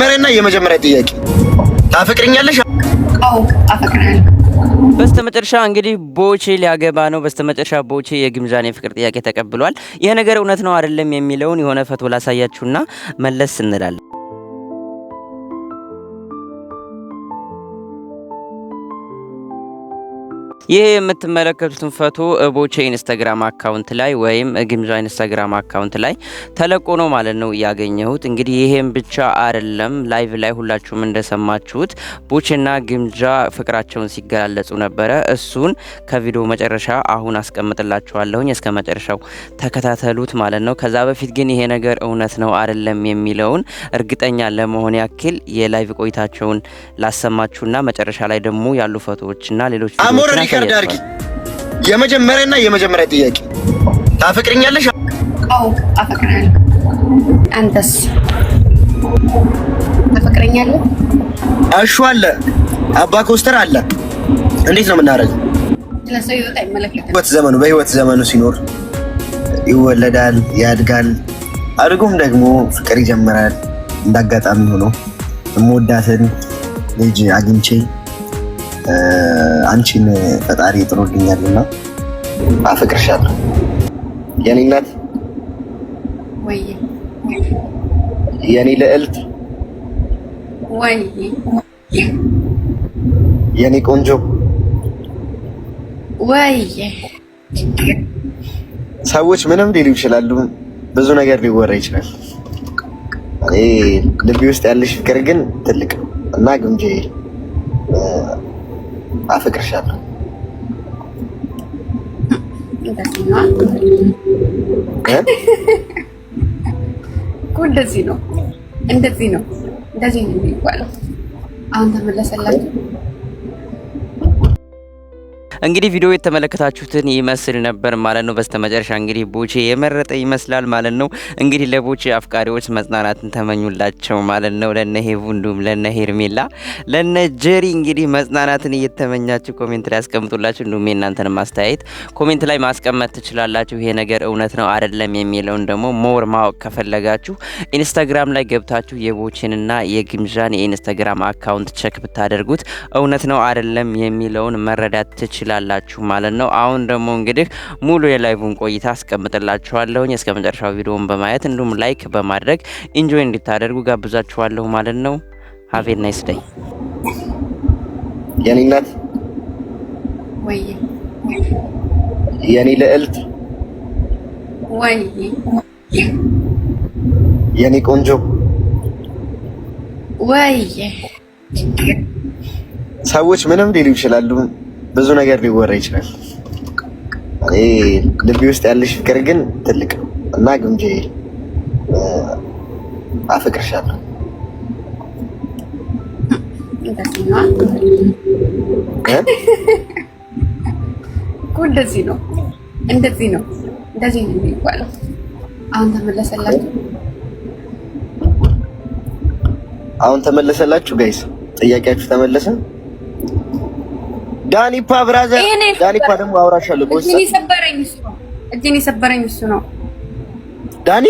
የመጀመሪያና የመጀመሪያ ጥያቄ ታፈቅርኛለሽ? አዎ አፈቅርሃለሁ። በስተመጨረሻ እንግዲህ ቦቼ ሊያገባ ነው። በስተመጨረሻ ቦቼ የግምጃን የፍቅር ጥያቄ ተቀብሏል። ይህ ነገር እውነት ነው አይደለም የሚለውን የሆነ ፈቶ ላሳያችሁና መለስ እንላለን። ይህ የምትመለከቱትን ፈቶ ቦቼ ኢንስታግራም አካውንት ላይ ወይም ግምዣ ኢንስታግራም አካውንት ላይ ተለቆ ነው ማለት ነው ያገኘሁት። እንግዲህ ይሄም ብቻ አይደለም፣ ላይቭ ላይ ሁላችሁም እንደሰማችሁት ቦቼና ግምጃ ፍቅራቸውን ሲገላለጹ ነበረ። እሱን ከቪዲዮ መጨረሻ አሁን አስቀምጥላችኋለሁኝ እስከ መጨረሻው ተከታተሉት ማለት ነው። ከዛ በፊት ግን ይሄ ነገር እውነት ነው አይደለም የሚለውን እርግጠኛ ለመሆን ያክል የላይቭ ቆይታቸውን ላሰማችሁና መጨረሻ ላይ ደግሞ ያሉ ፈቶዎችና ሌሎች ሪከርድ የመጀመሪያና የመጀመሪያ ጥያቄ ታፈቅርኛለሽ? አዎ አፈቅርሃለሁ። አንተስ ታፈቅረኛለህ? አሹ አለ፣ አባ ኮስተር አለ። እንዴት ነው የምናደርገው? ህይወት ዘመኑ በህይወት ዘመኑ ሲኖር ይወለዳል፣ ያድጋል፣ አድጎም ደግሞ ፍቅር ይጀምራል። እንዳጋጣሚ ሆኖ የምወዳትን ልጅ አግኝቼ አንቺን ፈጣሪ ጥሮልኛልና አፈቅርሻለሁ የኔ እናት፣ የኔ ልዕልት፣ የኔ ቆንጆ ወይ ሰዎች ምንም ሊሉ ይችላሉ። ብዙ ነገር ሊወራ ይችላል። ልቤ ውስጥ ያለሽ ፍቅር ግን ትልቅ እና ግምጄ አፈቅርሻለሁ። እንደዚህ ነው እንደዚህ ነው እንደዚህ ነው የሚባለው። አሁን ተመለሰላችሁ። እንግዲህ ቪዲዮ የተመለከታችሁትን ይመስል ነበር ማለት ነው። በስተመጨረሻ እንግዲህ ቦቼ የመረጠ ይመስላል ማለት ነው። እንግዲህ ለቦቼ አፍቃሪዎች መጽናናትን ተመኙላቸው ማለት ነው። ለነ ሄቡ እንዲሁም ለነ ሄርሜላ፣ ለነ ጀሪ እንግዲህ መጽናናትን እየተመኛችሁ ኮሜንት ላይ ያስቀምጡላችሁ። እንዲሁም የእናንተን ማስተያየት ኮሜንት ላይ ማስቀመጥ ትችላላችሁ። ይሄ ነገር እውነት ነው አይደለም የሚለውን ደግሞ ሞር ማወቅ ከፈለጋችሁ ኢንስታግራም ላይ ገብታችሁ የቦቼንና የግምዣን የኢንስታግራም አካውንት ቸክ ብታደርጉት እውነት ነው አይደለም የሚለውን መረዳት ትችላል ትችላላችሁ ማለት ነው። አሁን ደግሞ እንግዲህ ሙሉ የላይቡን ቆይታ አስቀምጥላችኋለሁኝ እስከ መጨረሻው ቪዲዮን በማየት እንዲሁም ላይክ በማድረግ ኢንጆይ እንድታደርጉ ጋብዛችኋለሁ ማለት ነው። ሀቬን ናይስ ደይ የኔ እናት ወይ የኔ ልዕልት ወይ የኔ ቆንጆ ወይ ሰዎች ምንም ሊሉ ይችላሉ። ብዙ ነገር ሊወራ ይችላል። ልቤ ውስጥ ያለሽ ፍቅር ግን ትልቅ ነው እና ግምጄ አፈቅርሻለሁ። እንደዚህ ነው እንደዚህ ነው እንደዚህ ነው የሚባለው። አሁን ተመለሰላችሁ፣ አሁን ተመለሰላችሁ ጋይስ ጥያቄያችሁ ተመለሰ። ዳኒፓ ብራዘር፣ ዳኒፓ ደግሞ አውራሻለሁ። እጄን የሰበረኝ እሱ ነው። ዳኒ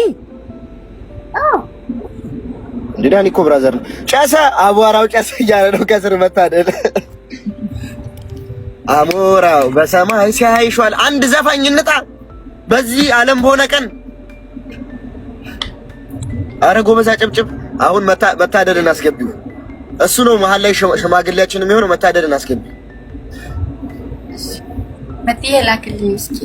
እንደ ዳኒ እኮ ብራዘር ነው። ጨሰ፣ አቧራው ጨሰ እያለ ነው ከስር መታደል አሞራው በሰማይ ሲያይሿል። አንድ ዘፋኝ እንጣ በዚህ ዓለም በሆነ ቀን አረ ጎበዛ ጭብጭብ። አሁን መታደልን አስገቢው። እሱ ነው መሀል ላይ ሽማግሌያችን የሚሆነው። መታደልን አስገቢው። መጥዬ ላክልኝ እስኪ